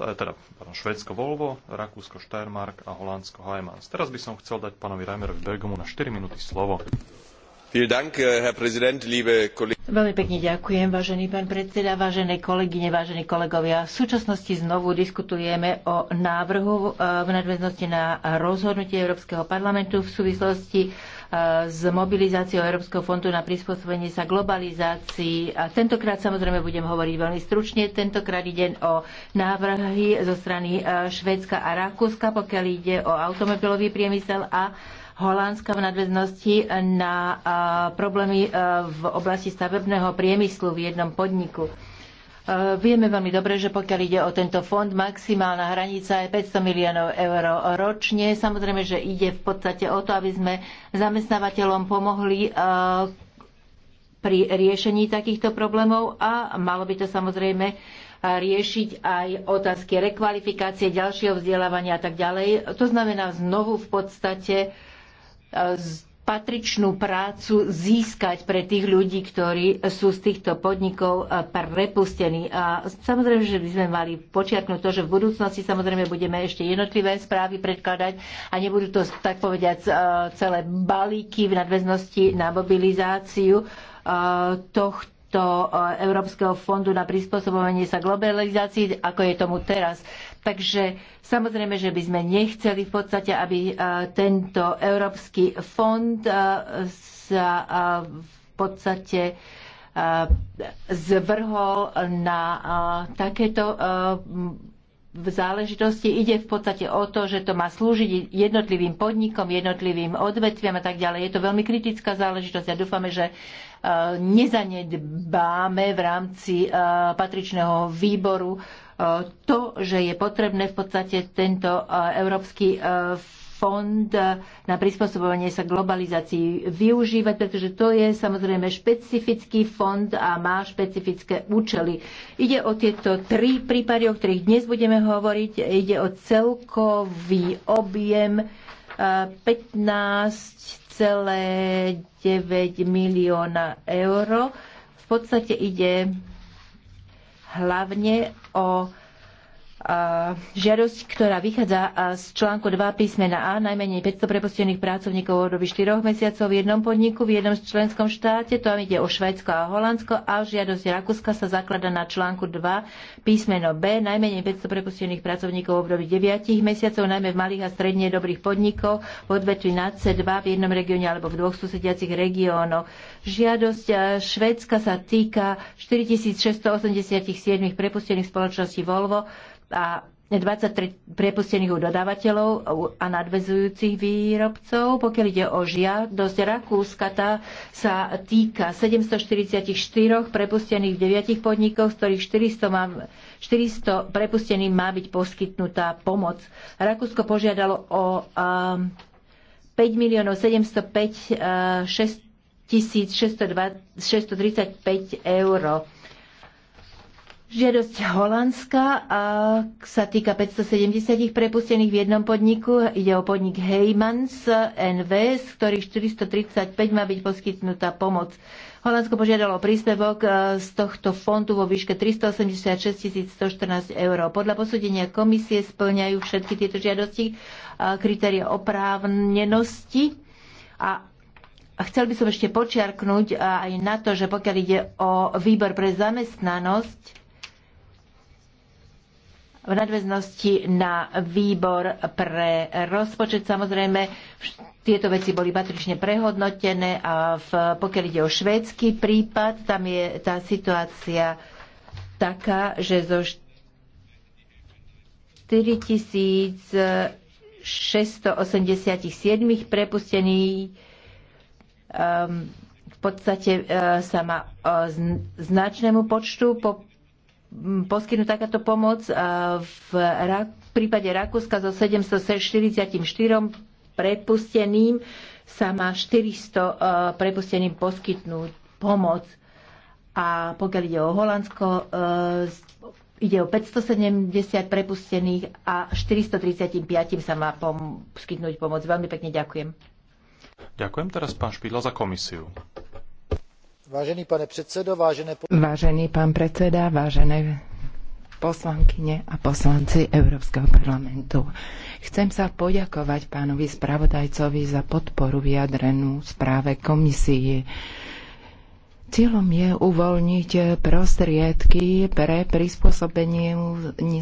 Eh, teda pardon, Švédsko Volvo, Rakúsko Steiermark a Holandsko Heimans. Teraz by som chcel dať pánovi Reimerovi Bergomu na 4 minúty slovo. Eh, Veľmi pekne ďakujem, vážený pán predseda, vážené kolegyne, vážení kolegovia. V súčasnosti znovu diskutujeme o návrhu eh, v nadväznosti na rozhodnutie Európskeho parlamentu v súvislosti s mobilizáciou Európskeho fondu na prispôsobenie sa globalizácii. A tentokrát samozrejme budem hovoriť veľmi stručne. Tentokrát ide o návrhy zo strany e, Švédska a Rakúska, pokiaľ ide o automobilový priemysel a Holandska v nadväznosti na e, problémy e, v oblasti stavebného priemyslu v jednom podniku. Eh, vieme veľmi dobre, že pokiaľ ide o tento fond, maximálna hranica je 500 miliónov eur ročne. Samozrejme, že ide v podstate o to, aby sme zamestnávateľom pomohli eh, pri riešení takýchto problémov a malo by to samozrejme eh, riešiť aj otázky rekvalifikácie, ďalšieho vzdelávania a tak ďalej. To znamená znovu v podstate patričnú prácu získať pre tých ľudí, ktorí sú z týchto podnikov eh, prepustení. A samozrejme, že by sme mali počiarknúť to, že v budúcnosti samozrejme budeme ešte jednotlivé správy predkladať a nebudú to, tak povediať, eh, celé balíky v nadväznosti na mobilizáciu eh, tohto tohto eh, Európskeho fondu na prispôsobovanie sa globalizácii, ako je tomu teraz. Takže samozrejme, že by sme nechceli v podstate, aby eh, tento Európsky fond eh, sa v podstate zvrhol na takéto v záležitosti. Ide v podstate o to, že to má slúžiť jednotlivým podnikom, jednotlivým odvetviam a tak ďalej. Je to veľmi kritická záležitosť a ja dúfame, že Eh, nezanedbáme v rámci eh, patričného výboru eh, to, že je potrebné v podstate tento Európsky fond na prispôsobovanie sa globalizácii využívať, pretože to je samozrejme špecifický fond a má špecifické účely. Ide o tieto tri prípady, o ktorých dnes budeme hovoriť. Ide o celkový objem 15 1,9 milióna eur. V podstate ide hlavne o žiadosť, ktorá vychádza z článku 2 písmena A, najmenej 500 prepustených pracovníkov v období 4 mesiacov v jednom podniku v jednom členskom štáte, to ide o Švédsko a Holandsko, a žiadosť Rakúska sa zaklada na článku 2 písmeno B, najmenej 500 prepustených pracovníkov v období 9 mesiacov, najmä v malých a stredne dobrých podnikov v odvetvi nad C2 v jednom regióne alebo v dvoch susediacich regiónoch. Žiadosť Švédska sa týka 4687 prepustených spoločností Volvo, a 23 prepustených dodávateľov a nadvezujúcich výrobcov. Pokiaľ ide o žiadosť Rakúska, tá sa týka 744 prepustených v 9 podnikoch, z ktorých 400, má, 400 prepusteným má byť poskytnutá pomoc. Rakúsko požiadalo o um, 5 miliónov 705 uh, 6 635 eur Žiadosť Holandska a sa týka 570 prepustených v jednom podniku. Ide o podnik Heymans NV, z ktorých 435 má byť poskytnutá pomoc. Holandsko požiadalo príspevok e, z tohto fondu vo výške 386 114 eur. Podľa posúdenia komisie splňajú všetky tieto žiadosti kritéria oprávnenosti a a chcel by som ešte počiarknúť aj na to, že pokiaľ ide o výbor pre zamestnanosť, v nadväznosti na výbor pre rozpočet. Samozrejme, tieto veci boli patrične prehodnotené a v, pokiaľ ide o švédsky prípad, tam je tá situácia taká, že zo 4687 prepustených um, v podstate e, sa má e, značnému počtu po poskytnúť takáto pomoc. V prípade Rakúska so 744 prepusteným sa má 400 e, prepusteným poskytnúť pomoc. A pokiaľ ide o Holandsko, e, ide o 570 prepustených a 435 sa má poskytnúť pomoc. Veľmi pekne ďakujem. Ďakujem teraz pán Špidla za komisiu. Vážený pane predsedo, vážené... Vážený pán predseda, vážené poslankyne a poslanci Európskeho parlamentu. Chcem sa poďakovať pánovi spravodajcovi za podporu vyjadrenú správe komisii. Cieľom je uvoľniť prostriedky pre prispôsobenie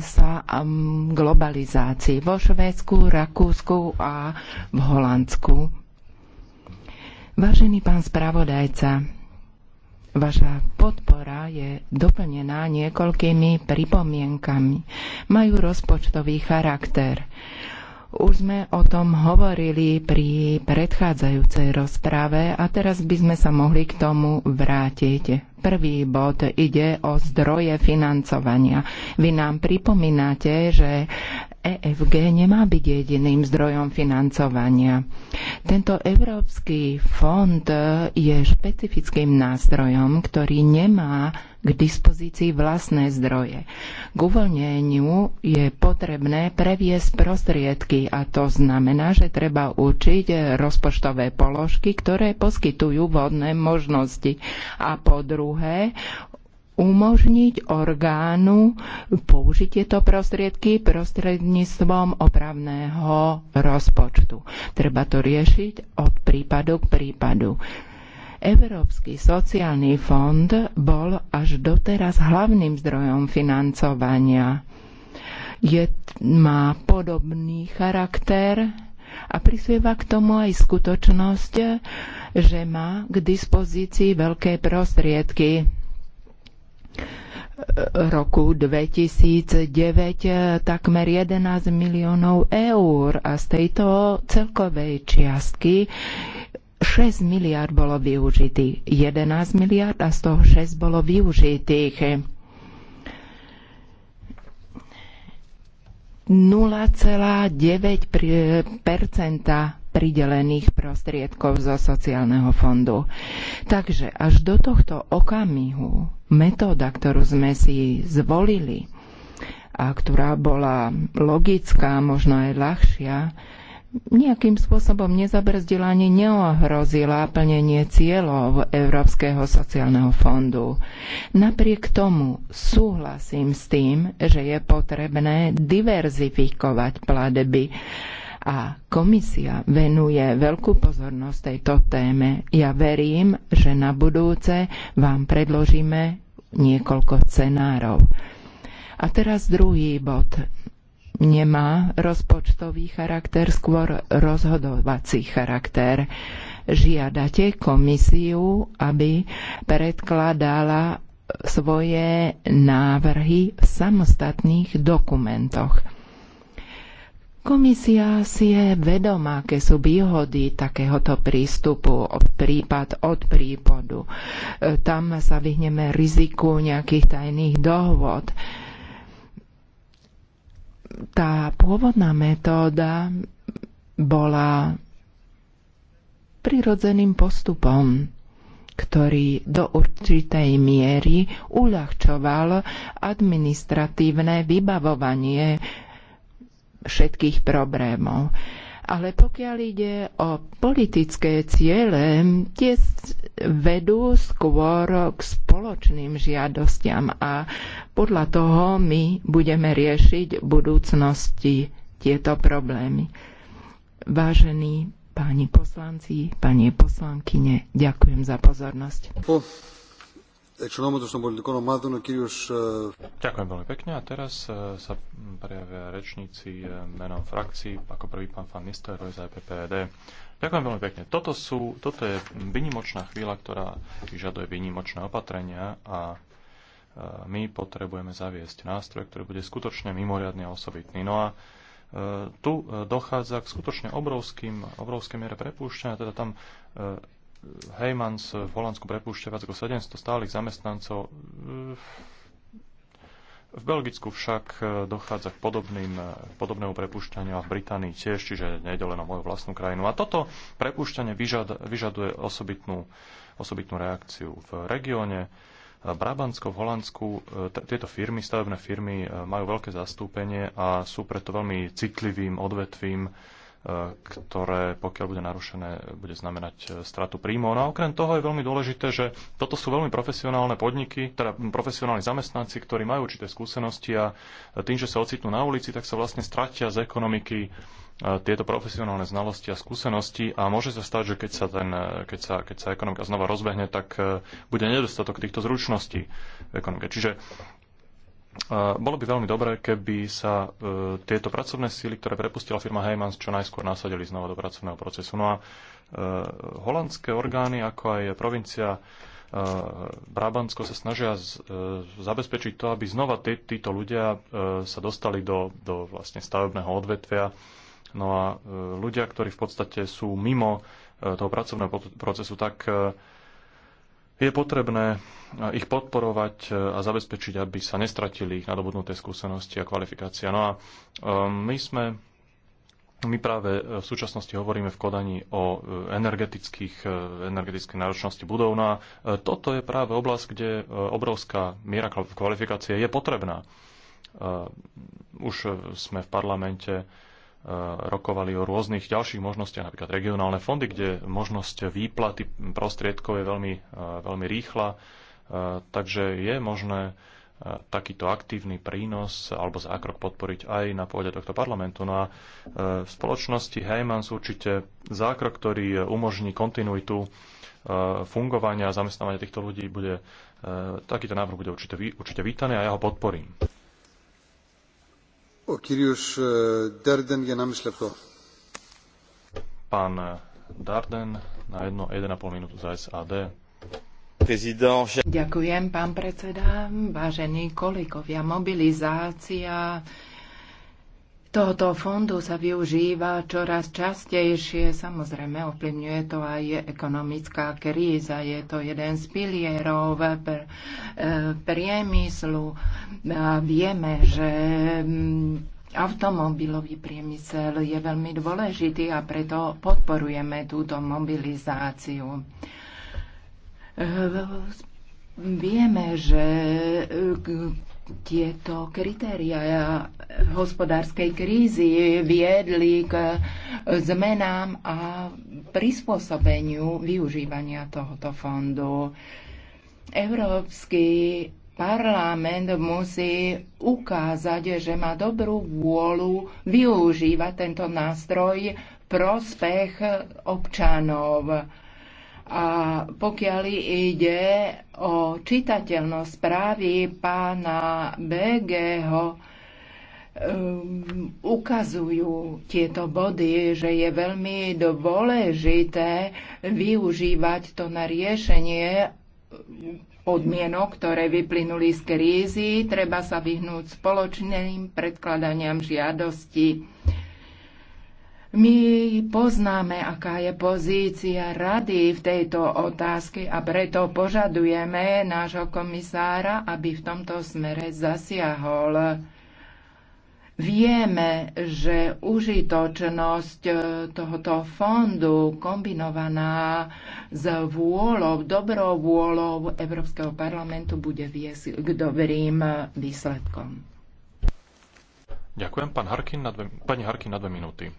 sa um, globalizácii vo Švédsku, Rakúsku a v Holandsku. Vážený pán spravodajca, Vaša podpora je doplnená niekoľkými pripomienkami. Majú rozpočtový charakter. Už sme o tom hovorili pri predchádzajúcej rozprave a teraz by sme sa mohli k tomu vrátiť. Prvý bod ide o zdroje financovania. Vy nám pripomínate, že EFG nemá byť jediným zdrojom financovania. Tento Európsky fond je špecifickým nástrojom, ktorý nemá k dispozícii vlastné zdroje. K uvoľneniu je potrebné previesť prostriedky a to znamená, že treba určiť rozpočtové položky, ktoré poskytujú vodné možnosti. A po druhé, umožniť orgánu použiť tieto prostriedky prostredníctvom opravného rozpočtu. Treba to riešiť od prípadu k prípadu. Európsky sociálny fond bol až doteraz hlavným zdrojom financovania. Je, má podobný charakter a prispieva k tomu aj skutočnosť, že má k dispozícii veľké prostriedky roku 2009 eh, takmer 11 miliónov eur a z tejto celkovej čiastky 6 miliard bolo využitých. 11 miliard a z toho 6 bolo využitých. 0,9 pridelených prostriedkov zo sociálneho fondu. Takže až do tohto okamihu metóda, ktorú sme si zvolili a ktorá bola logická, možno aj ľahšia, nejakým spôsobom nezabrzdila ani neohrozila plnenie cieľov Európskeho sociálneho fondu. Napriek tomu súhlasím s tým, že je potrebné diverzifikovať pladeby a komisia venuje veľkú pozornosť tejto téme. Ja verím, že na budúce vám predložíme niekoľko scenárov. A teraz druhý bod. Nemá rozpočtový charakter, skôr rozhodovací charakter. Žiadate komisiu, aby predkladala svoje návrhy v samostatných dokumentoch Komisia si je vedomá, aké sú výhody takéhoto prístupu prípad od prípadu. E, tam sa vyhneme riziku nejakých tajných dohôd. Tá pôvodná metóda bola prirodzeným postupom ktorý do určitej miery uľahčoval administratívne vybavovanie všetkých problémov. Ale pokiaľ ide o politické ciele, tie vedú skôr k spoločným žiadostiam a podľa toho my budeme riešiť v budúcnosti tieto problémy. Vážení páni poslanci, pani poslankyne, ďakujem za pozornosť. Ďakujem veľmi pekne a teraz sa prejavia rečníci menom frakcií, ako prvý pán Fan Nistelrooy za EPPD. E Ďakujem veľmi pekne. Toto, sú, toto je vynimočná chvíľa, ktorá vyžaduje vynimočné opatrenia a e, my potrebujeme zaviesť nástroj, ktorý bude skutočne mimoriadne osobitný. No a e, tu dochádza k skutočne obrovským, obrovskej miere prepúšťania, teda tam Heymans v Holandsku prepúšťa viac ako 700 stálych zamestnancov. V Belgicku však dochádza k podobným, podobnému prepušťaniu a v Británii tiež, čiže nejde len o moju vlastnú krajinu. A toto prepušťanie vyžad, vyžaduje osobitnú, osobitnú reakciu v regióne. Brabantsko v Holandsku, tieto firmy, stavebné firmy majú veľké zastúpenie a sú preto veľmi citlivým odvetvím ktoré, pokiaľ bude narušené, bude znamenať e, stratu príjmov. No a okrem toho je veľmi dôležité, že toto sú veľmi profesionálne podniky, teda profesionálni zamestnanci, ktorí majú určité skúsenosti a tým, že sa ocitnú na ulici, tak sa vlastne stratia z ekonomiky e, tieto profesionálne znalosti a skúsenosti a môže sa stať, že keď sa, ten, e, keď sa, keď sa ekonomika znova rozbehne, tak bude nedostatok týchto zručností v ekonomike. Čiže bolo by veľmi dobré, keby sa e, tieto pracovné síly, ktoré prepustila firma Heymans, čo najskôr nasadili znova do pracovného procesu. No a e, holandské orgány, ako aj provincia e, Brabantsko sa snažia z, e, zabezpečiť to, aby znova tí, títo ľudia e, sa dostali do, do vlastne stavebného odvetvia. No a e, ľudia, ktorí v podstate sú mimo e, toho pracovného procesu, tak e, je potrebné eh, ich podporovať eh, a zabezpečiť, aby sa nestratili ich nadobudnuté skúsenosti a kvalifikácia. No a eh, my sme my práve v súčasnosti hovoríme v Kodani o energetických, energetickej náročnosti budov. No a toto je práve oblasť, kde obrovská miera kvalifikácie je potrebná. Už sme v parlamente rokovali o rôznych ďalších možnostiach, napríklad regionálne fondy, kde možnosť výplaty prostriedkov je veľmi, e, veľmi rýchla. E, takže je možné e, takýto aktívny prínos alebo zákrok podporiť aj na pôde tohto parlamentu. No a v spoločnosti Heymans určite zákrok, ktorý umožní kontinuitu fungovania a zamestnávania týchto ľudí bude, takýto návrh bude určite, určite vítaný a ja ho podporím. E, pán e, Darden na 1,5 minútu za SAD. Ďakujem, pán predseda. Vážení kolegovia, mobilizácia tohoto fondu sa využíva čoraz častejšie. Samozrejme, ovplyvňuje to aj ekonomická kríza. Je to jeden z pilierov eh, pr- eh, priemyslu. Vieme, že mm, automobilový priemysel je veľmi dôležitý a preto podporujeme túto mobilizáciu. Eh, vieme, že tieto kritéria hospodárskej krízy viedli k zmenám a prispôsobeniu využívania tohoto fondu. Európsky parlament musí ukázať, že má dobrú vôľu využívať tento nástroj v prospech občanov. A pokiaľ ide o čitateľnosť správy pána BGho um, ukazujú tieto body, že je veľmi dôležité využívať to na riešenie podmienok, ktoré vyplynuli z krízy. Treba sa vyhnúť spoločným predkladaniam žiadosti. My poznáme, aká je pozícia rady v tejto otázke a preto požadujeme nášho komisára, aby v tomto smere zasiahol. Vieme, že užitočnosť e, tohoto fondu kombinovaná s vôľou, dobrou vôľou Európskeho parlamentu bude viesť k dobrým výsledkom. Ďakujem. Pán Harkin na dve, pani Harkin na dve minúty.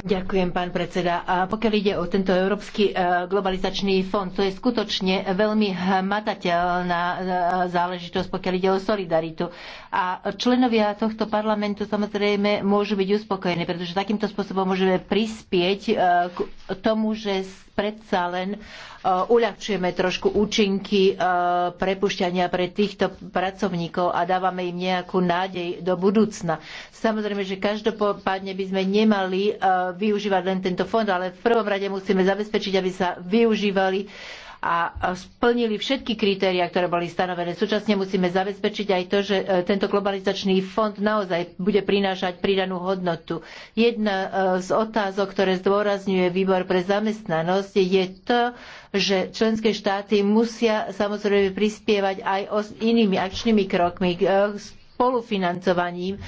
Ďakujem, pán predseda. A pokiaľ ide o tento Európsky e, globalizačný fond, to je skutočne veľmi hmatateľná e, záležitosť, pokiaľ ide o solidaritu. A členovia tohto parlamentu samozrejme môžu byť uspokojení, pretože takýmto spôsobom môžeme prispieť e, k tomu, že predsa len e, uľahčujeme trošku účinky e, prepušťania pre týchto pracovníkov a dávame im nejakú nádej do budúcna. Samozrejme, že každopádne by sme nemali e, využívať len tento fond, ale v prvom rade musíme zabezpečiť, aby sa využívali a splnili všetky kritéria, ktoré boli stanovené. Súčasne musíme zabezpečiť aj to, že e, tento globalizačný fond naozaj bude prinášať pridanú hodnotu. Jedna e, z otázok, ktoré zdôrazňuje výbor pre zamestnanosť, je to, že členské štáty musia samozrejme prispievať aj inými akčnými krokmi, e, spolufinancovaním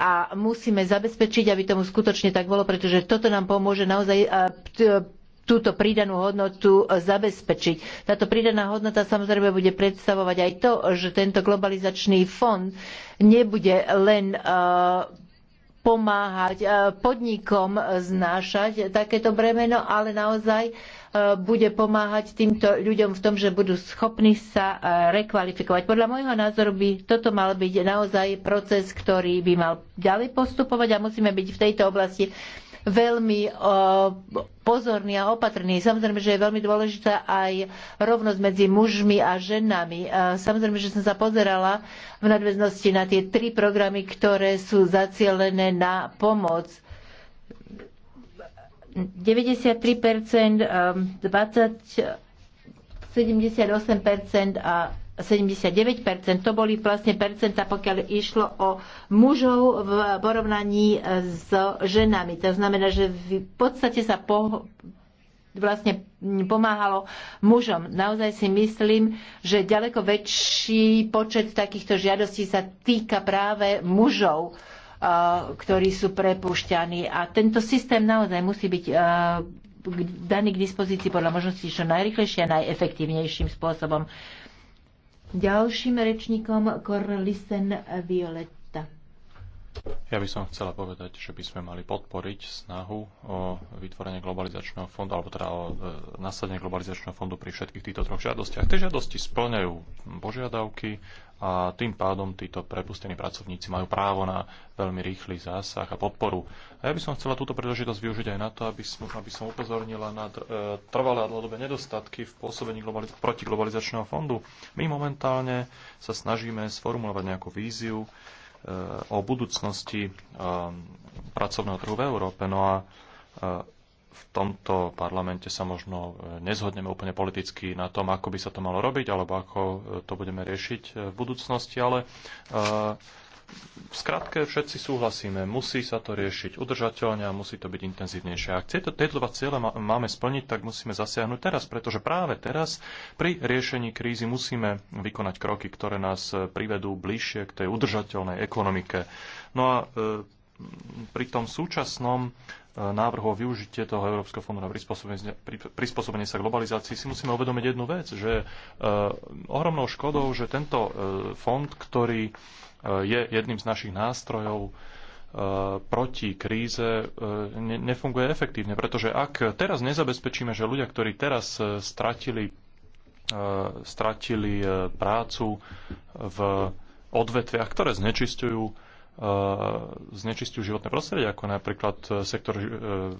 a musíme zabezpečiť, aby tomu skutočne tak bolo, pretože toto nám pomôže naozaj túto pridanú hodnotu e, zabezpečiť. Táto pridaná hodnota samozrejme bude predstavovať aj to, že tento globalizačný fond nebude len e, pomáhať e, podnikom znášať takéto bremeno, ale naozaj bude pomáhať týmto ľuďom v tom, že budú schopní sa rekvalifikovať. Podľa môjho názoru by toto mal byť naozaj proces, ktorý by mal ďalej postupovať a musíme byť v tejto oblasti veľmi pozorní a opatrný. Samozrejme, že je veľmi dôležitá aj rovnosť medzi mužmi a ženami. Samozrejme, že som sa pozerala v nadväznosti na tie tri programy, ktoré sú zacielené na pomoc. 93%, 20, 78% a 79%. To boli vlastne percenta, pokiaľ išlo o mužov v porovnaní s ženami. To znamená, že v podstate sa po, vlastne pomáhalo mužom. Naozaj si myslím, že ďaleko väčší počet takýchto žiadostí sa týka práve mužov, ktorí sú prepušťaní. A tento systém naozaj musí byť daný k dispozícii podľa možností čo najrychlejšie a najefektívnejším spôsobom. Ďalším rečníkom Corlisen Violet ja by som chcela povedať, že by sme mali podporiť snahu o vytvorenie globalizačného fondu, alebo teda o nasadenie globalizačného fondu pri všetkých týchto troch žiadostiach. Tie žiadosti splňajú požiadavky a tým pádom títo prepustení pracovníci majú právo na veľmi rýchly zásah a podporu. A ja by som chcela túto príležitosť využiť aj na to, aby som, aby som upozornila na e, trvalé a dlhodobé nedostatky v pôsobení globaliz- protiglobalizačného fondu. My momentálne sa snažíme sformulovať nejakú víziu, o budúcnosti um, pracovného trhu v Európe. No a uh, v tomto parlamente sa možno uh, nezhodneme úplne politicky na tom, ako by sa to malo robiť, alebo ako uh, to budeme riešiť v budúcnosti, ale v skratke všetci súhlasíme, musí sa to riešiť udržateľne a musí to byť intenzívnejšie. Ak tieto, tieto dva cieľa máme splniť, tak musíme zasiahnuť teraz, pretože práve teraz pri riešení krízy musíme vykonať kroky, ktoré nás e, privedú bližšie k tej udržateľnej ekonomike. No a e, pri tom súčasnom e, návrhu o využitie toho Európskeho fondu na prispôsobenie, prispôsobenie sa globalizácii si musíme uvedomiť jednu vec, že e, ohromnou škodou, že tento fond, ktorý Eh, je jedným z našich nástrojov eh, proti kríze eh, nefunguje efektívne. Pretože ak teraz nezabezpečíme, že ľudia, ktorí teraz stratili, stratili prácu v odvetviach, ktoré znečisťujú, E, znečistujú životné prostredie, ako napríklad e, sektor, e,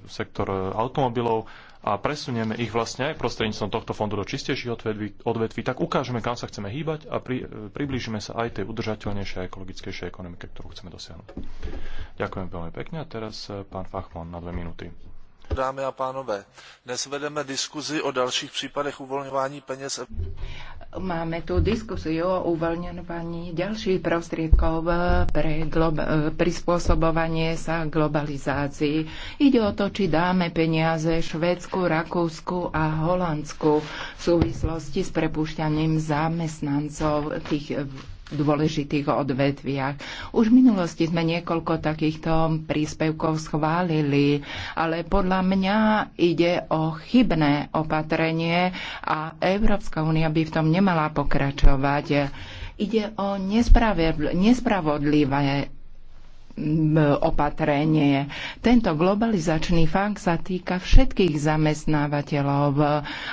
sektor automobilov a presunieme ich vlastne aj prostredníctvom tohto fondu do čistejších odvetví, odvetví, tak ukážeme, kam sa chceme hýbať a pri, priblížime sa aj tej udržateľnejšej a ekologickejšej ekonomike, ktorú chceme dosiahnuť. Ďakujem veľmi pekne a teraz pán Fachmon na dve minúty. Dámy a pánové, dnes vedeme diskuzi o dalších případech uvolňování peněz. Máme tu diskusiu o uvoľňovaní ďalších prostriedkov pre prispôsobovanie sa globalizácii. Ide o to, či dáme peniaze Švédsku, Rakúsku a Holandsku v súvislosti s prepušťaním zamestnancov tých dôležitých odvetviach. Už v minulosti sme niekoľko takýchto príspevkov schválili, ale podľa mňa ide o chybné opatrenie a Európska únia by v tom nemala pokračovať. Ide o nespravodlivé opatrenie. Tento globalizačný fakt sa týka všetkých zamestnávateľov,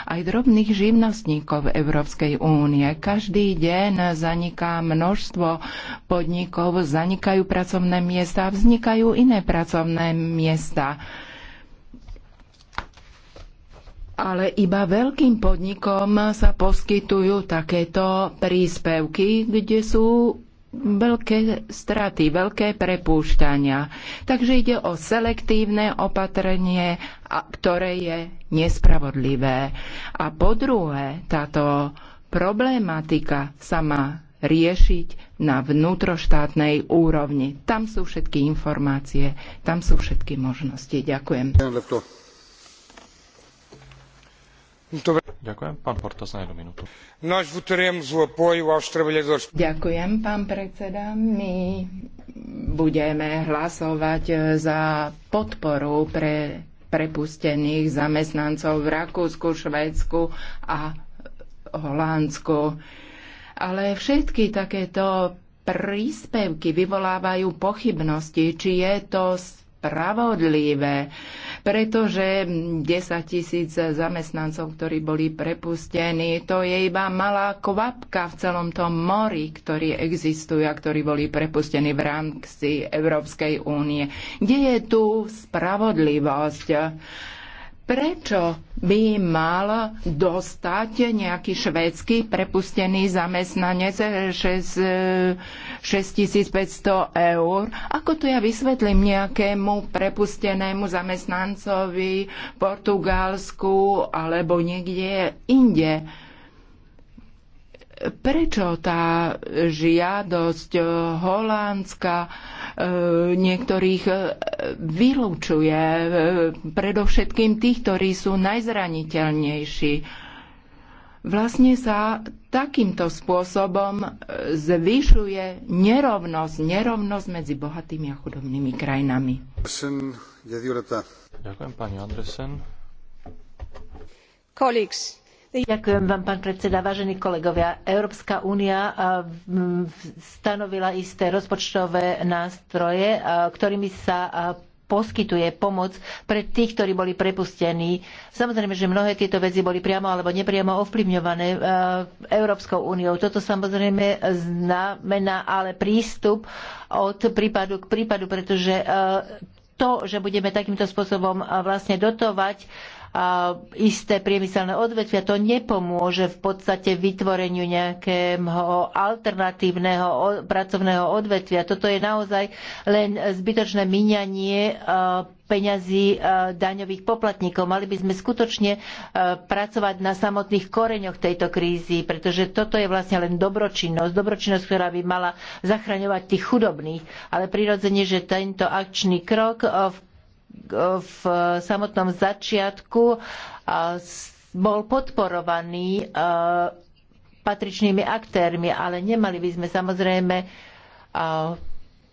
aj drobných živnostníkov Európskej únie. Každý deň zaniká množstvo podnikov, zanikajú pracovné miesta a vznikajú iné pracovné miesta ale iba veľkým podnikom sa poskytujú takéto príspevky, kde sú veľké straty, veľké prepúšťania. Takže ide o selektívne opatrenie, ktoré je nespravodlivé. A po druhé, táto problematika sa má riešiť na vnútroštátnej úrovni. Tam sú všetky informácie, tam sú všetky možnosti. Ďakujem. Ďakujem, pán Portas, na jednu minútu. Ďakujem, pán predseda. My budeme hlasovať za podporu pre prepustených zamestnancov v Rakúsku, Švédsku a Holandsku. Ale všetky takéto príspevky vyvolávajú pochybnosti, či je to spravodlivé, pretože 10 tisíc zamestnancov, ktorí boli prepustení, to je iba malá kvapka v celom tom mori, ktorý existuje a ktorí boli prepustení v rámci Európskej únie. Kde je tu spravodlivosť? prečo by mal dostať nejaký švédsky prepustený zamestnanec 6500 eh, eh, eur? Ako to ja vysvetlím nejakému prepustenému zamestnancovi v Portugalsku alebo niekde inde? Prečo tá žiadosť Holandska E, niektorých e, vylúčuje, e, predovšetkým tých, ktorí sú najzraniteľnejší. Vlastne sa takýmto spôsobom zvyšuje nerovnosť, nerovnosť medzi bohatými a chudobnými krajinami. Ďakujem pani Andresen. Colleagues, Ďakujem vám, pán predseda. Vážení kolegovia, Európska únia eh, stanovila isté rozpočtové nástroje, eh, ktorými sa eh, poskytuje pomoc pre tých, ktorí boli prepustení. Samozrejme, že mnohé tieto veci boli priamo alebo nepriamo ovplyvňované Európskou úniou. Toto samozrejme znamená ale prístup od prípadu k prípadu, pretože to, že budeme takýmto spôsobom vlastne dotovať isté priemyselné odvetvia. To nepomôže v podstate vytvoreniu nejakého alternatívneho pracovného odvetvia. Toto je naozaj len zbytočné míňanie peňazí daňových poplatníkov. Mali by sme skutočne pracovať na samotných koreňoch tejto krízy, pretože toto je vlastne len dobročinnosť, dobročinnosť, ktorá by mala zachraňovať tých chudobných. Ale prirodzene, že tento akčný krok v v samotnom začiatku bol podporovaný e, patričnými aktérmi, ale nemali by sme samozrejme e,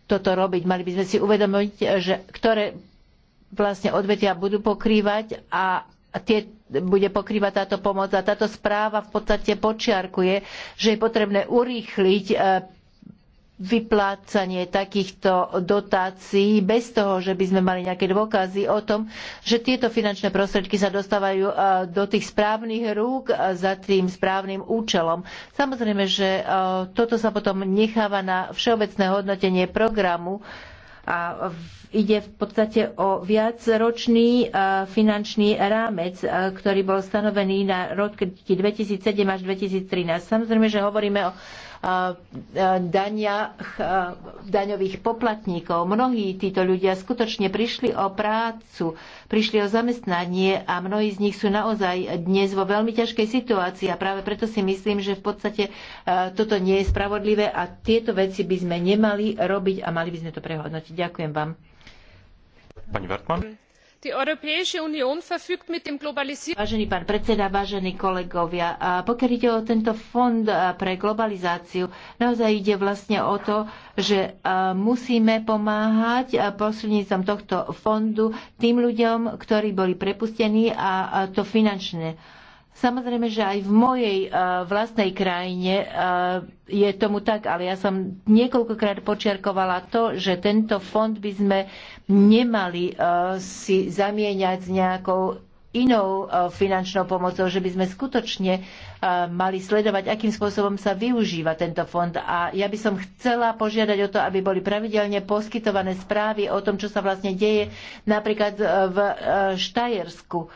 toto robiť. Mali by sme si uvedomiť, že ktoré vlastne odvetia budú pokrývať a tie bude pokrývať táto pomoc. A táto správa v podstate počiarkuje, že je potrebné urýchliť e, vyplácanie takýchto dotácií bez toho, že by sme mali nejaké dôkazy o tom, že tieto finančné prostriedky sa dostávajú e, do tých správnych rúk za tým správnym účelom. Samozrejme, že e, toto sa potom necháva na všeobecné hodnotenie programu a ide v podstate o viacročný e, finančný rámec, ktorý bol stanovený na roky 2007 až 2013. Samozrejme, že hovoríme o daniach daňových poplatníkov. Mnohí títo ľudia skutočne prišli o prácu, prišli o zamestnanie a mnohí z nich sú naozaj dnes vo veľmi ťažkej situácii a práve preto si myslím, že v podstate toto nie je spravodlivé a tieto veci by sme nemali robiť a mali by sme to prehodnotiť. Ďakujem vám. Pani Vertman. Vážený pán predseda, vážení kolegovia, pokiaľ ide o tento fond pre globalizáciu, naozaj ide vlastne o to, že musíme pomáhať prostredníctvom tohto fondu tým ľuďom, ktorí boli prepustení a to finančne Samozrejme, že aj v mojej e, vlastnej krajine e, je tomu tak, ale ja som niekoľkokrát počiarkovala to, že tento fond by sme nemali e, si zamieňať s nejakou inou finančnou pomocou, že by sme skutočne mali sledovať, akým spôsobom sa využíva tento fond. A ja by som chcela požiadať o to, aby boli pravidelne poskytované správy o tom, čo sa vlastne deje napríklad v Štajersku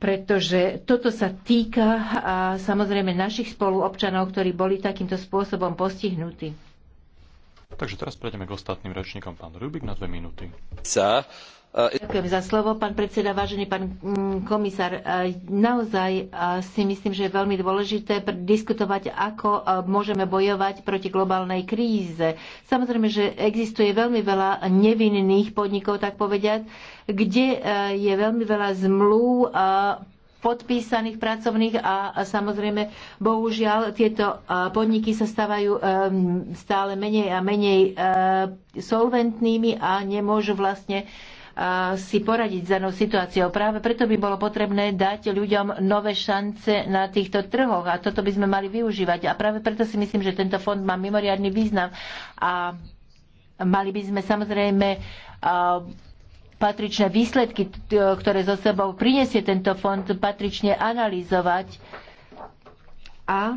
pretože toto sa týka a samozrejme našich spoluobčanov, ktorí boli takýmto spôsobom postihnutí. Takže teraz prejdeme k ostatným rečníkom. Pán Rubik na dve minúty. Sa E, Ďakujem za slovo, pán predseda, vážený pán mm, komisár. E, naozaj e, si myslím, že je veľmi dôležité diskutovať, ako môžeme bojovať proti globálnej kríze. Samozrejme, že existuje veľmi veľa nevinných podnikov, tak povediať, kde je veľmi veľa zmluv podpísaných pracovných a, a samozrejme, bohužiaľ, tieto podniky sa stávajú stále menej a menej solventnými a nemôžu vlastne si poradiť s danou situáciou. Práve preto by bolo potrebné dať ľuďom nové šance na týchto trhoch a toto by sme mali využívať. A práve preto si myslím, že tento fond má mimoriadný význam a mali by sme samozrejme patričné výsledky, ktoré zo sebou prinesie tento fond, patrične analyzovať a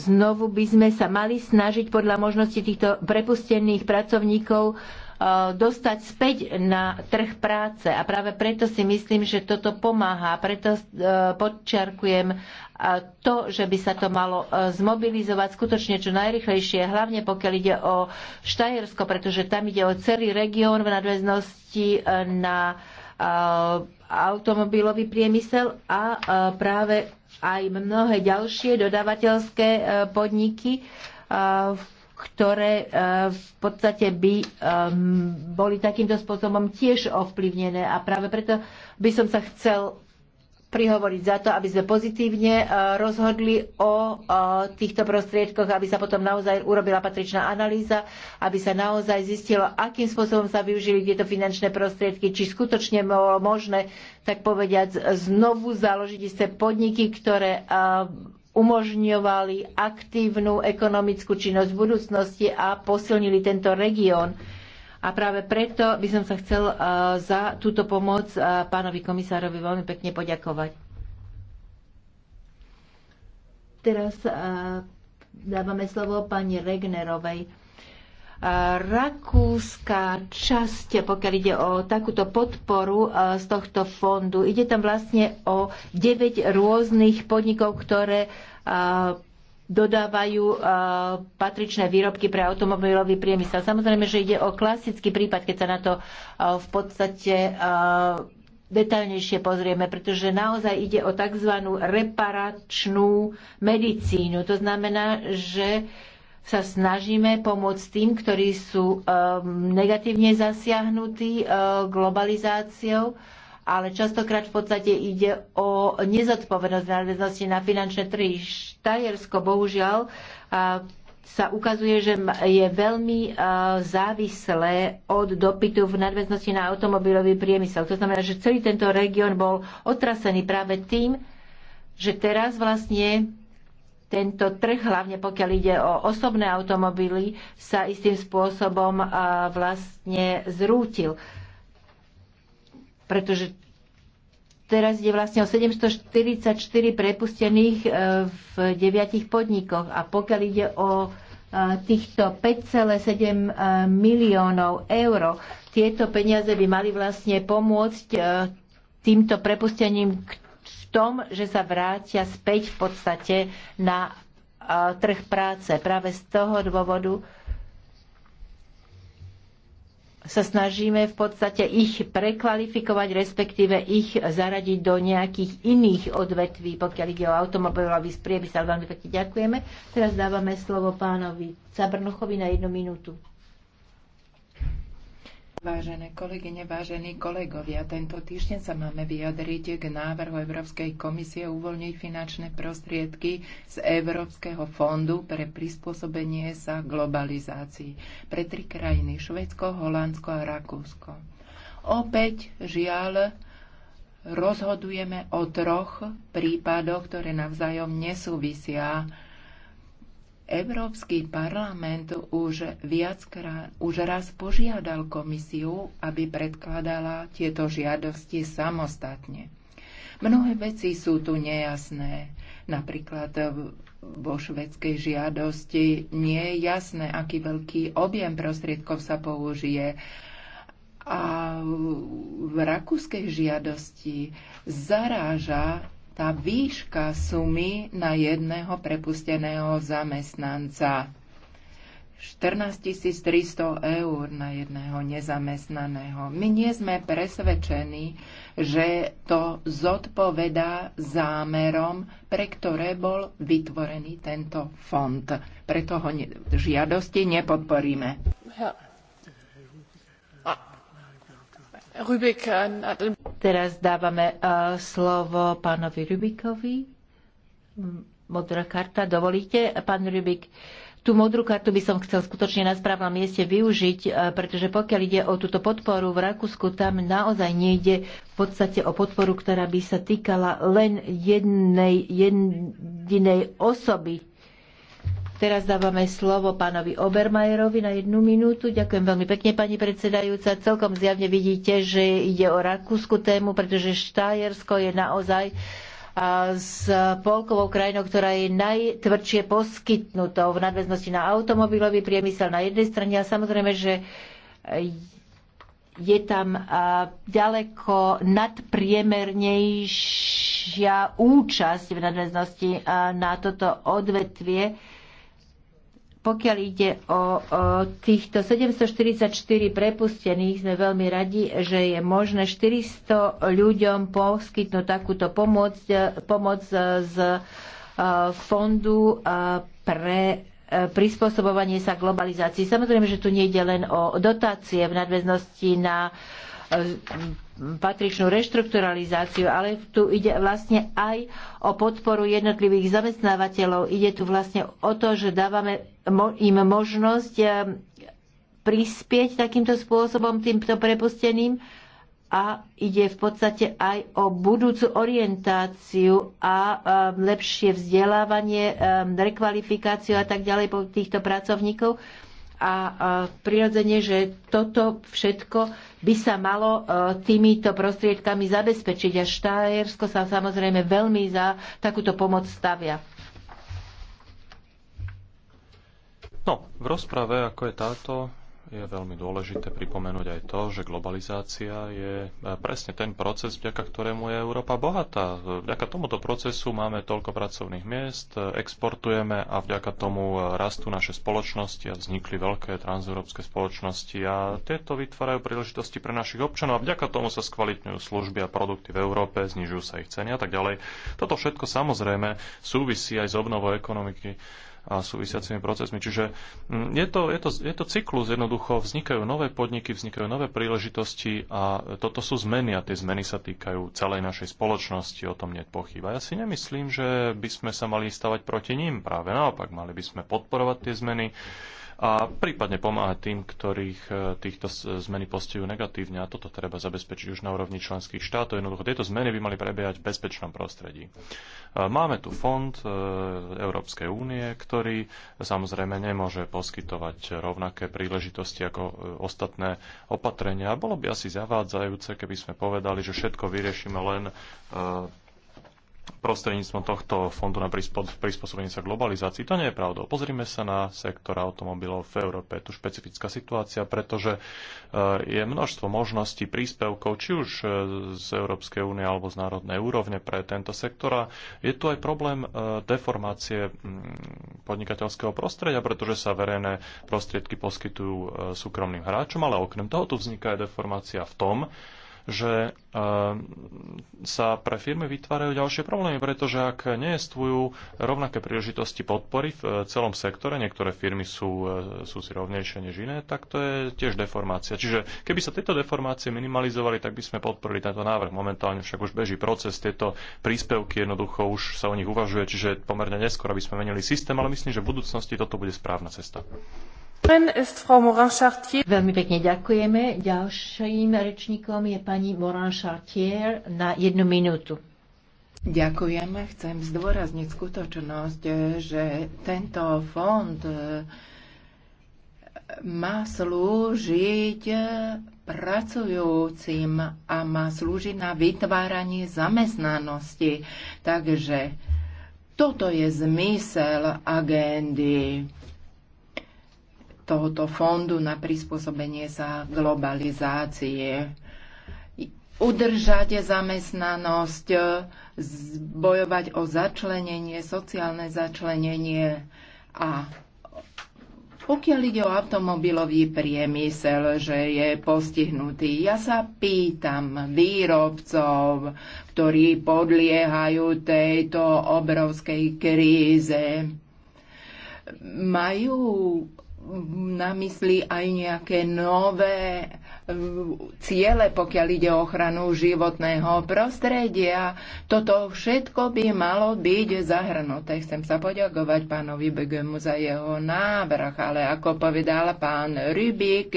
znovu by sme sa mali snažiť podľa možnosti týchto prepustených pracovníkov E, dostať späť na trh práce. A práve preto si myslím, že toto pomáha. Preto e, podčiarkujem e, to, že by sa to malo zmobilizovať skutočne čo najrychlejšie, hlavne pokiaľ ide o Štajersko, pretože tam ide o celý región v nadväznosti na automobilový priemysel a práve aj mnohé ďalšie dodávateľské podniky v ktoré e, v podstate by e, boli takýmto spôsobom tiež ovplyvnené. A práve preto by som sa chcel prihovoriť za to, aby sme pozitívne e, rozhodli o týchto prostriedkoch, aby sa potom naozaj urobila patričná analýza, aby sa naozaj zistilo, akým spôsobom sa využili tieto finančné prostriedky, či skutočne bolo možné, tak povediať, znovu založiť isté podniky, ktoré umožňovali aktívnu ekonomickú činnosť v budúcnosti a posilnili tento región. A práve preto by som sa chcel eh, za túto pomoc eh, pánovi komisárovi veľmi pekne poďakovať. Teraz eh, dávame slovo pani Regnerovej rakúska časť, pokiaľ ide o takúto podporu e, z tohto fondu. Ide tam vlastne o 9 rôznych podnikov, ktoré e, dodávajú e, patričné výrobky pre automobilový priemysel. Samozrejme, že ide o klasický prípad, keď sa na to v podstate detaľnejšie pozrieme, pretože naozaj ide o tzv. reparačnú medicínu. To znamená, že sa snažíme pomôcť tým, ktorí sú um, negatívne zasiahnutí uh, globalizáciou, ale častokrát v podstate ide o nezodpovednosť nadväznosti na finančné trhy. Štajersko bohužiaľ uh, sa ukazuje, že je veľmi uh, závislé od dopytu v nadväznosti na automobilový priemysel. To znamená, že celý tento región bol otrasený práve tým, že teraz vlastne tento trh, hlavne pokiaľ ide o osobné automobily, sa istým spôsobom vlastne zrútil. Pretože teraz ide vlastne o 744 prepustených e, v deviatich podnikoch. A pokiaľ ide o e, týchto 5,7 e, miliónov eur, tieto peniaze by mali vlastne pomôcť týmto prepustením k tom, že sa vrátia späť v podstate na e, trh práce. Práve z toho dôvodu sa snažíme v podstate ich prekvalifikovať, respektíve ich zaradiť do nejakých iných odvetví, pokiaľ ide o automobilový spriemysel. Veľmi pekne ďakujeme. Teraz dávame slovo pánovi Cabrnochovi na jednu minútu. Vážené kolegyne, vážení kolegovia, tento týždeň sa máme vyjadriť k návrhu Európskej komisie uvoľniť finančné prostriedky z Európskeho fondu pre prispôsobenie sa globalizácii pre tri krajiny Švedsko, Holandsko a Rakúsko. Opäť žiaľ rozhodujeme o troch prípadoch, ktoré navzájom nesúvisia Európsky parlament už viackrát, už raz požiadal komisiu, aby predkladala tieto žiadosti samostatne. Mnohé veci sú tu nejasné. Napríklad vo švedskej žiadosti nie je jasné, aký veľký objem prostriedkov sa použije. A v rakúskej žiadosti zaráža tá výška sumy na jedného prepusteného zamestnanca. 14 300 eur na jedného nezamestnaného. My nie sme presvedčení, že to zodpovedá zámerom, pre ktoré bol vytvorený tento fond. Preto ho ne- žiadosti nepodporíme. Rubik, Teraz dávame e, slovo pánovi Rubikovi. Modrá karta, dovolíte? Pán Rubik, tú modrú kartu by som chcel skutočne na správnom mieste využiť, e, pretože pokiaľ ide o túto podporu v Rakúsku, tam naozaj nejde v podstate o podporu, ktorá by sa týkala len jednej, jedinej osoby. Teraz dávame slovo pánovi Obermajerovi na jednu minútu. Ďakujem veľmi pekne, pani predsedajúca. Celkom zjavne vidíte, že ide o rakúsku tému, pretože Štajersko je naozaj s polkovou krajinou, ktorá je najtvrdšie poskytnutou v nadväznosti na automobilový priemysel na jednej strane a samozrejme, že je tam ďaleko nadpriemernejšia účasť v nadväznosti na toto odvetvie pokiaľ ide o, o týchto 744 prepustených, sme veľmi radi, že je možné 400 ľuďom poskytnúť takúto pomoc, e, pomoc e, z e, fondu pre prispôsobovanie sa globalizácii. Samozrejme, že tu nejde len o dotácie v nadväznosti na patričnú reštrukturalizáciu, ale tu ide vlastne aj o podporu jednotlivých zamestnávateľov. Ide tu vlastne o to, že dávame im možnosť eh, prispieť takýmto spôsobom týmto prepusteným a ide v podstate aj o budúcu orientáciu a eh, lepšie vzdelávanie, eh, rekvalifikáciu a tak ďalej po týchto pracovníkov. A prirodzene, že toto všetko by sa malo e, týmito prostriedkami zabezpečiť a Štajersko sa samozrejme veľmi za takúto pomoc stavia. No, v rozprave, ako je táto, je veľmi dôležité pripomenúť aj to, že globalizácia je e, presne ten proces, vďaka ktorému je Európa bohatá. Vďaka tomuto procesu máme toľko pracovných miest, e, exportujeme a vďaka tomu e, rastú naše spoločnosti a vznikli veľké transeurópske spoločnosti a tieto vytvárajú príležitosti pre našich občanov a vďaka tomu sa skvalitňujú služby a produkty v Európe, znižujú sa ich ceny a tak ďalej. Toto všetko samozrejme súvisí aj s obnovou ekonomiky a súvisiacimi procesmi. Čiže mm, je to, je to, je to cyklus, jednoducho vznikajú nové podniky, vznikajú nové príležitosti a toto sú zmeny a tie zmeny sa týkajú celej našej spoločnosti, o tom nie pochýba. Ja si nemyslím, že by sme sa mali stavať proti ním, práve naopak, mali by sme podporovať tie zmeny a prípadne pomáhať tým, ktorých e, týchto zmeny postihujú negatívne a toto treba zabezpečiť už na úrovni členských štátov. Jednoducho tieto zmeny by mali prebiehať v bezpečnom prostredí. E, máme tu fond e, Európskej únie, ktorý samozrejme nemôže poskytovať rovnaké príležitosti ako ostatné opatrenia. Bolo by asi zavádzajúce, keby sme povedali, že všetko vyriešime len prostredníctvom tohto fondu na prispôsobenie sa globalizácii. To nie je pravdou. Pozrime sa na sektor automobilov v Európe. Je tu špecifická situácia, pretože e, je množstvo možností príspevkov, či už e, z Európskej únie alebo z národnej úrovne pre tento sektor. A je tu aj problém e, deformácie podnikateľského prostredia, pretože sa verejné prostriedky poskytujú súkromným hráčom, ale okrem toho tu vzniká aj deformácia v tom, že eh, sa pre firmy vytvárajú ďalšie problémy, pretože ak neestvujú rovnaké príležitosti podpory v eh, celom sektore, niektoré firmy sú, eh, sú si rovnejšie než iné, tak to je tiež deformácia. Čiže keby sa tieto deformácie minimalizovali, tak by sme podporili tento návrh. Momentálne však už beží proces, tieto príspevky jednoducho už sa o nich uvažuje, čiže pomerne neskôr, aby sme menili systém, ale myslím, že v budúcnosti toto bude správna cesta. Veľmi pekne ďakujeme. Ďalším rečníkom je pani Moran Chartier na jednu minútu. Ďakujeme, Chcem zdôrazniť skutočnosť, že tento fond e, má slúžiť e, pracujúcim a má slúžiť na vytváranie zamestnanosti. Takže toto je zmysel agendy tohoto fondu na prispôsobenie sa globalizácie. Udržať zamestnanosť, bojovať o začlenenie, sociálne začlenenie a pokiaľ ide o automobilový priemysel, že je postihnutý, ja sa pýtam výrobcov, ktorí podliehajú tejto obrovskej kríze, majú na mysli aj nejaké nové e, ciele, pokiaľ ide o ochranu životného prostredia. Toto všetko by malo byť zahrnuté. Chcem sa poďakovať pánovi Begemu za jeho návrh, ale ako povedal pán Rybík,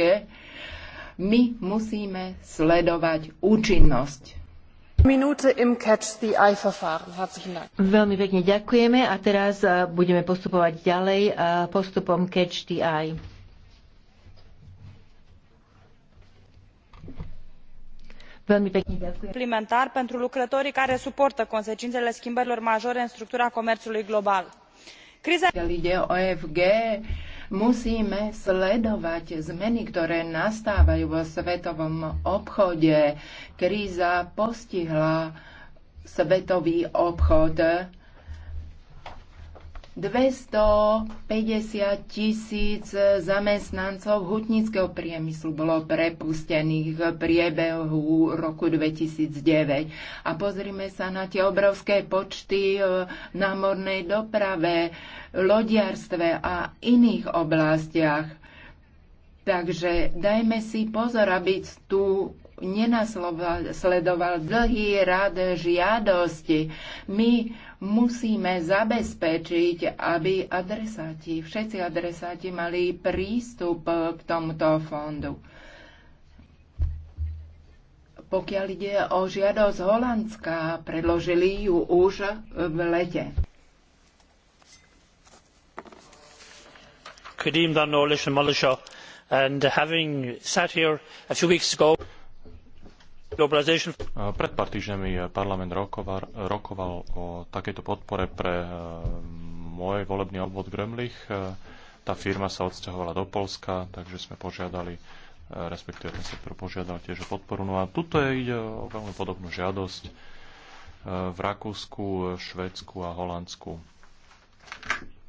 my musíme sledovať účinnosť Veľmi pekne ďakujeme a teraz eh, budeme postupovať ďalej eh, postupom Catch the Eye. Veľmi pekne ďakujem. Suplimentar pentru lucrătorii care suportă consecințele schimbărilor majore în structura comerțului global. Criza... Ide o EFG, Musíme sledovať zmeny, ktoré nastávajú vo svetovom obchode. Kríza postihla svetový obchod 250 tisíc zamestnancov hutníckého priemyslu bolo prepustených v priebehu roku 2009. A pozrime sa na tie obrovské počty v e, námornej doprave, lodiarstve a iných oblastiach. Takže dajme si pozor, aby tu nenasledoval dlhý rad žiadosti. My musíme zabezpečiť, aby adresáti, všetci adresáti mali prístup k tomuto fondu. Pokiaľ ide o žiadosť Holandska, predložili ju už v lete. Kadim Dan and having sat here a few weeks ago, pred pár týždňami parlament rokoval, rokoval o takejto podpore pre e, môj volebný obvod Gremlich. E, tá firma sa odsťahovala do Polska, takže sme požiadali, e, respektíve ten sektor požiadal tiež o podporu. No a tuto je, ide o veľmi podobnú žiadosť v Rakúsku, Švedsku a Holandsku.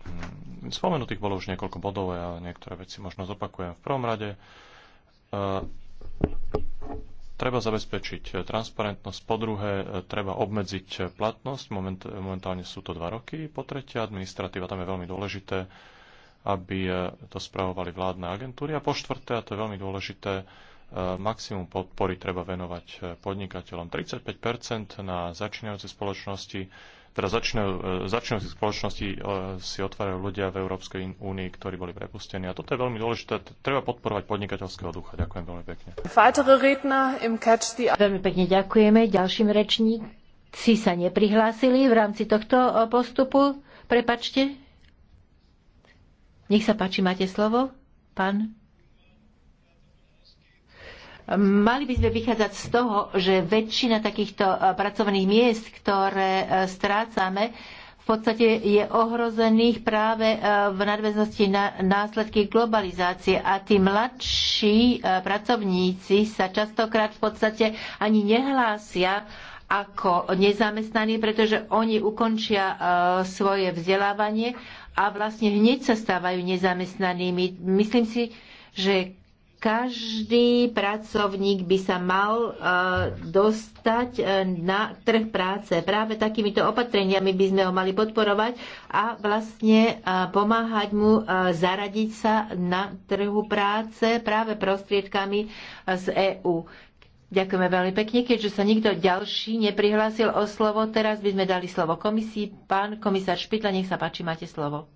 Hm, spomenutých bolo už niekoľko bodov a niektoré veci možno zopakujem. V prvom rade Treba zabezpečiť eh, transparentnosť, po druhé eh, treba obmedziť eh, platnosť, Moment, momentálne sú to dva roky, po tretie administratíva, tam je veľmi dôležité, aby to spravovali vládne agentúry a po štvrté, a to je veľmi dôležité, maximum podpory treba venovať podnikateľom. 35 na začínajúce spoločnosti teda začínajú, e, začínajú si spoločnosti e, si otvárajú ľudia v Európskej únii, ktorí boli prepustení. A toto je veľmi dôležité. Treba podporovať podnikateľského ducha. Ďakujem veľmi pekne. Veľmi pekne ďakujeme. Ďalším Si sa neprihlásili v rámci tohto e, postupu. Prepačte. Nech sa páči, máte slovo, pán Mali by sme vychádzať z toho, že väčšina takýchto e, pracovných miest, ktoré e, strácame, v podstate je ohrozených práve e, v nadväznosti na následky globalizácie a tí mladší pracovníci sa častokrát v podstate ani nehlásia ako nezamestnaní, pretože oni ukončia svoje vzdelávanie a vlastne hneď sa stávajú nezamestnanými. Myslím si, že každý pracovník by sa mal e, dostať e, na trh práce. Práve takýmito opatreniami by sme ho mali podporovať a vlastne e, pomáhať mu zaradiť sa na trhu práce práve prostriedkami z EÚ. Ďakujeme veľmi pekne, keďže sa nikto ďalší neprihlásil o slovo. Teraz by sme dali slovo komisii. Pán komisár Špitla, nech sa páči, máte slovo.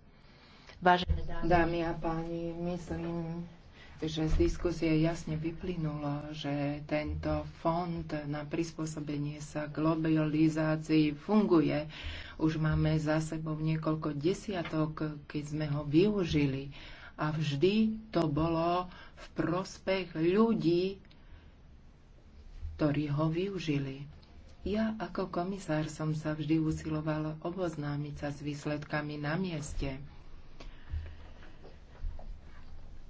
Vážené dámy. dámy a páni, myslím, že z diskusie jasne vyplynulo, že tento fond na prispôsobenie sa globalizácii funguje. Už máme za sebou niekoľko desiatok, keď sme ho využili. A vždy to bolo v prospech ľudí, ktorí ho využili. Ja ako komisár som sa vždy usiloval oboznámiť sa s výsledkami na mieste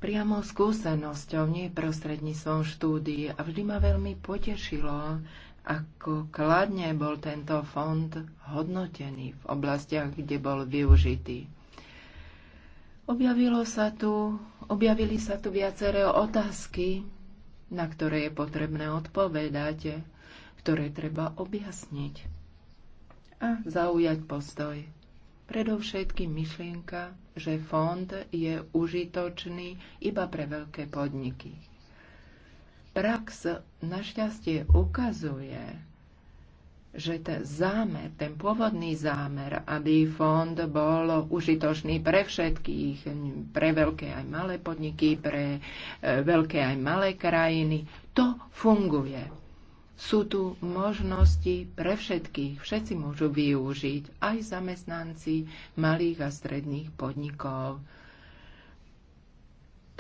priamo skúsenosťou, nie prostredníctvom štúdie A vždy ma veľmi potešilo, ako kladne bol tento fond hodnotený v oblastiach, kde bol využitý. Objavilo sa tu, objavili sa tu viaceré otázky, na ktoré je potrebné odpovedať, ktoré treba objasniť a zaujať postoj. Predovšetkým myšlienka, že fond je užitočný iba pre veľké podniky. Prax našťastie ukazuje, že ten zámer, ten pôvodný zámer, aby fond bol užitočný pre všetkých, pre veľké aj malé podniky, pre e, veľké aj malé krajiny, to funguje sú tu možnosti pre všetkých. Všetci môžu využiť, aj zamestnanci malých a stredných podnikov,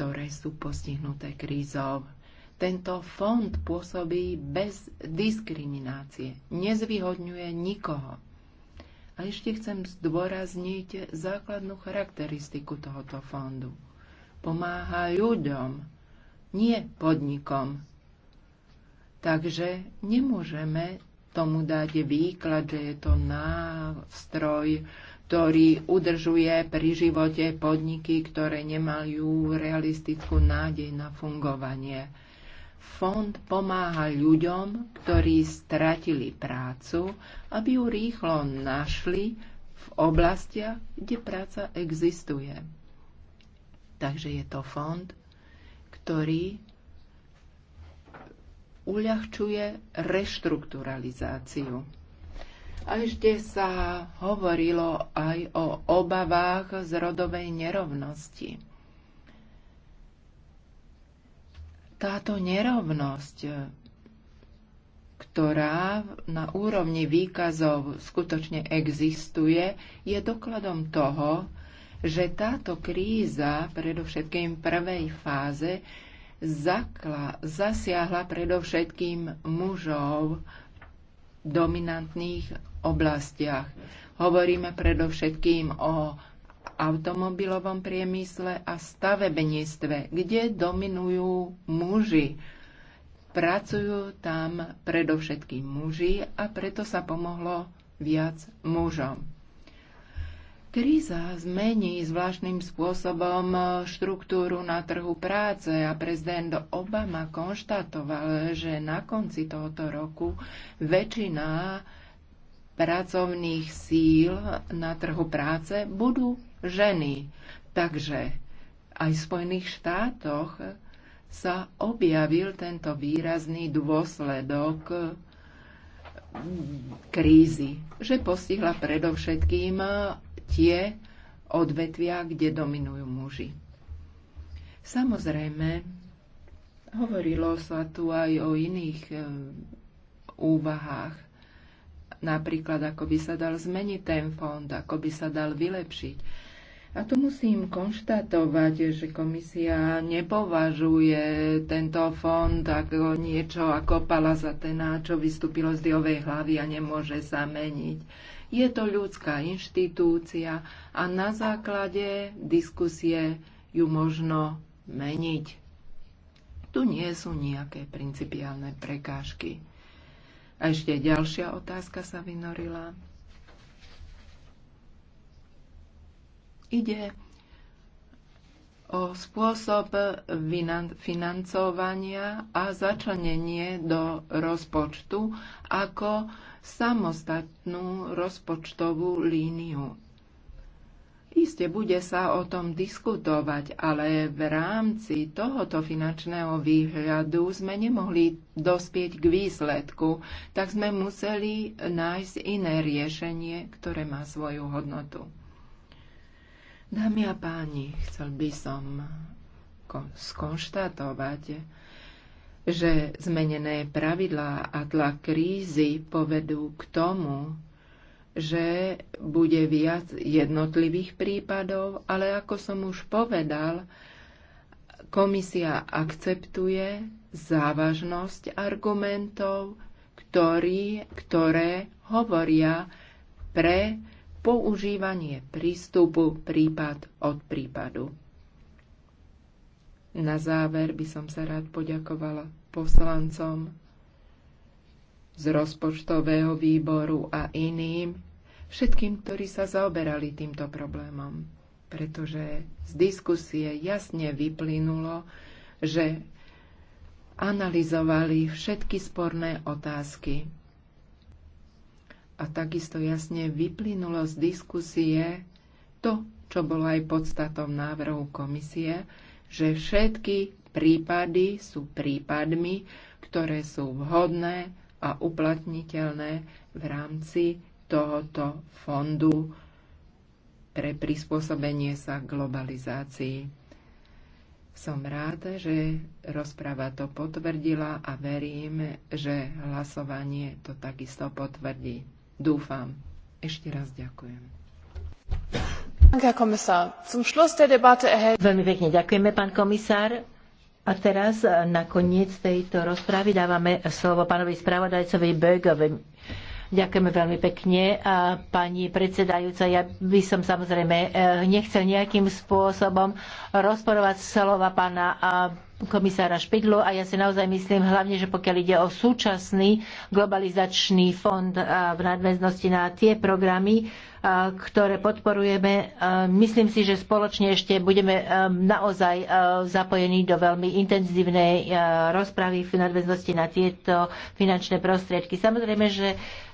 ktoré sú postihnuté krízou. Tento fond pôsobí bez diskriminácie, nezvyhodňuje nikoho. A ešte chcem zdôrazniť základnú charakteristiku tohoto fondu. Pomáha ľuďom, nie podnikom, Takže nemôžeme tomu dať výklad, že je to nástroj, ktorý udržuje pri živote podniky, ktoré nemajú realistickú nádej na fungovanie. Fond pomáha ľuďom, ktorí stratili prácu, aby ju rýchlo našli v oblastiach, kde práca existuje. Takže je to fond, ktorý uľahčuje reštrukturalizáciu. A ešte sa hovorilo aj o obavách z rodovej nerovnosti. Táto nerovnosť, ktorá na úrovni výkazov skutočne existuje, je dokladom toho, že táto kríza, predovšetkým prvej fáze, zakla, zasiahla predovšetkým mužov v dominantných oblastiach. Hovoríme predovšetkým o automobilovom priemysle a stavebníctve, kde dominujú muži. Pracujú tam predovšetkým muži a preto sa pomohlo viac mužom. Kríza zmení zvláštnym spôsobom e, štruktúru na trhu práce a prezident Obama konštatoval, že na konci tohoto roku väčšina pracovných síl na trhu práce budú ženy. Takže aj v Spojených štátoch sa objavil tento výrazný dôsledok e, krízy, že postihla predovšetkým tie odvetvia, kde dominujú muži. Samozrejme, hovorilo sa tu aj o iných e, úvahách, napríklad ako by sa dal zmeniť ten fond, ako by sa dal vylepšiť. A tu musím konštatovať, že komisia nepovažuje tento fond ako niečo ako pala za čo vystúpilo z diovej hlavy a nemôže sa meniť. Je to ľudská inštitúcia a na základe diskusie ju možno meniť. Tu nie sú nejaké principiálne prekážky. A ešte ďalšia otázka sa vynorila. Ide o spôsob financovania a začlenenie do rozpočtu ako samostatnú rozpočtovú líniu. Isté bude sa o tom diskutovať, ale v rámci tohoto finančného výhľadu sme nemohli dospieť k výsledku, tak sme museli nájsť iné riešenie, ktoré má svoju hodnotu. Dámy a páni, chcel by som skonštatovať, že zmenené pravidlá a tlak krízy povedú k tomu, že bude viac jednotlivých prípadov, ale ako som už povedal, komisia akceptuje závažnosť argumentov, ktorý, ktoré hovoria pre používanie prístupu prípad od prípadu. Na záver by som sa rád poďakovala poslancom z rozpočtového výboru a iným, všetkým, ktorí sa zaoberali týmto problémom. Pretože z diskusie jasne vyplynulo, že analyzovali všetky sporné otázky. A takisto jasne vyplynulo z diskusie to, čo bolo aj podstatom návrhu komisie, že všetky prípady sú prípadmi, ktoré sú vhodné a uplatniteľné v rámci tohoto fondu pre prispôsobenie sa globalizácii. Som rád, že rozpráva to potvrdila a verím, že hlasovanie to takisto potvrdí. Dúfam. Ešte raz ďakujem. Veľmi pekne ďakujeme, pán komisár. A teraz e, na koniec tejto rozpravy dávame slovo pánovi spravodajcovi Bögovi. Ďakujeme veľmi pekne. A pani predsedajúca, ja by som samozrejme e, nechcel nejakým spôsobom rozporovať slova pána komisára Špidlu a ja si naozaj myslím hlavne, že pokiaľ ide o súčasný globalizačný fond v nadväznosti na tie programy, ktoré podporujeme. E, myslím si, že spoločne ešte budeme e, naozaj e, zapojení do veľmi intenzívnej rozpravy v nadväznosti na tieto finančné prostriedky. Samozrejme, že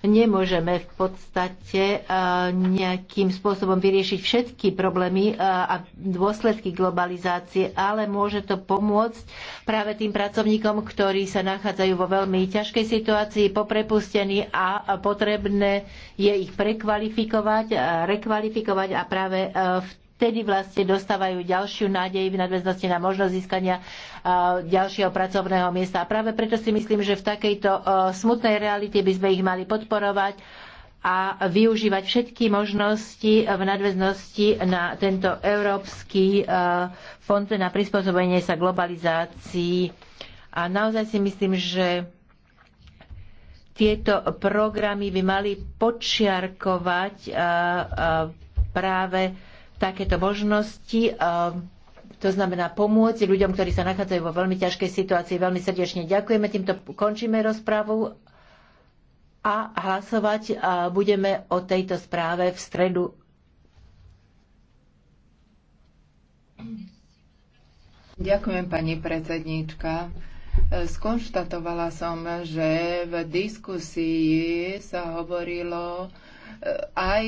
nemôžeme v podstate nejakým spôsobom vyriešiť všetky problémy a dôsledky globalizácie, ale môže to pomôcť práve tým pracovníkom, ktorí sa nachádzajú vo veľmi ťažkej situácii, poprepustení a potrebné je ich prekvalifikovať vzdelávať, e, rekvalifikovať a práve v e, vtedy vlastne dostávajú ďalšiu nádej v nadväznosti na možnosť získania e, ďalšieho pracovného miesta. A práve preto si myslím, že v takejto smutnej realite by sme ich mali podporovať a využívať všetky možnosti v nadväznosti na tento Európsky fond na prispôsobenie sa globalizácii. A naozaj si myslím, že tieto programy by mali počiarkovať práve takéto možnosti, to znamená pomôcť ľuďom, ktorí sa nachádzajú vo veľmi ťažkej situácii. Veľmi srdečne ďakujeme, týmto končíme rozprávu a hlasovať budeme o tejto správe v stredu. Ďakujem, pani predsedníčka. Skonštatovala som, že v diskusii sa hovorilo eh, aj